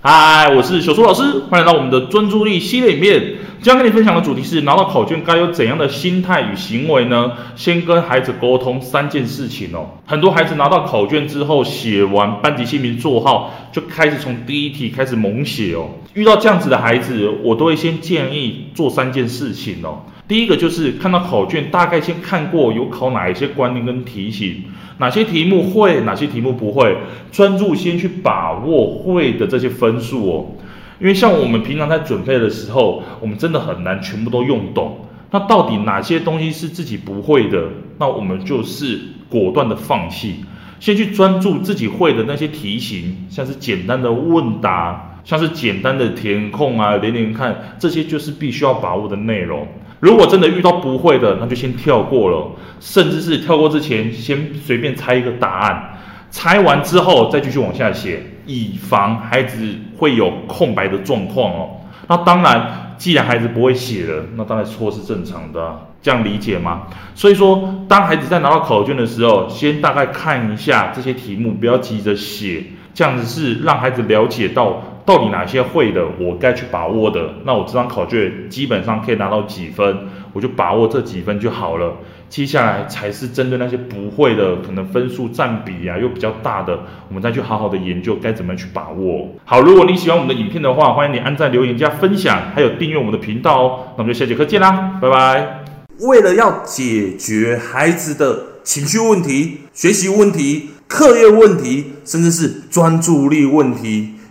嗨，Hi, 我是小蘇老師，歡迎來到我們的專注力系列影片。今天跟你分享的主題是拿到考卷該有怎樣的心態與行為呢？先跟孩子溝通三件事情哦。很多孩子拿到考卷之後，寫完班級姓名、座號，就開始從第一題開始猛寫哦。遇到這樣子的孩子，我都會先建議做三件事情哦。第一個就是看到考卷，大概先看過有考哪一些觀念跟題型，哪些題目會，哪些題目不會，專注先去把握會的這些分數哦。因為像我們平常在準備的時候，我們真的很難全部都用懂。那到底哪些東西是自己不會的，那我們就是果斷的放棄，先去專注自己會的那些題型，像是簡單的問答，像是簡單的填空啊，連連看，這些就是必須要把握的內容。如果真的遇到不會的，那就先跳過了，甚至是跳過之前先隨便猜一個答案，猜完之後再繼續往下寫，以防孩子會有空白的狀況哦。那當然，既然孩子不會寫了，那當然錯是正常的啊，這樣理解嗎？所以說，當孩子在拿到考卷的時候，先大概看一下這些題目，不要急着寫，這樣子是讓孩子了解到。到底哪些會的，我該去把握的？那我這張考卷基本上可以拿到幾分，我就把握這幾分就好了。接下來才是針對那些不會的，可能分數佔比啊又比較大的，我們再去好好的研究該怎麼去把握。好，如果你喜歡我們的影片的話，歡迎你按讚、留言、加分享，還有訂閱我們的頻道哦。那我們就下節課見啦，拜拜。為了要解決孩子的情緒問題、學習問題、課業問題，甚至是專注力問題。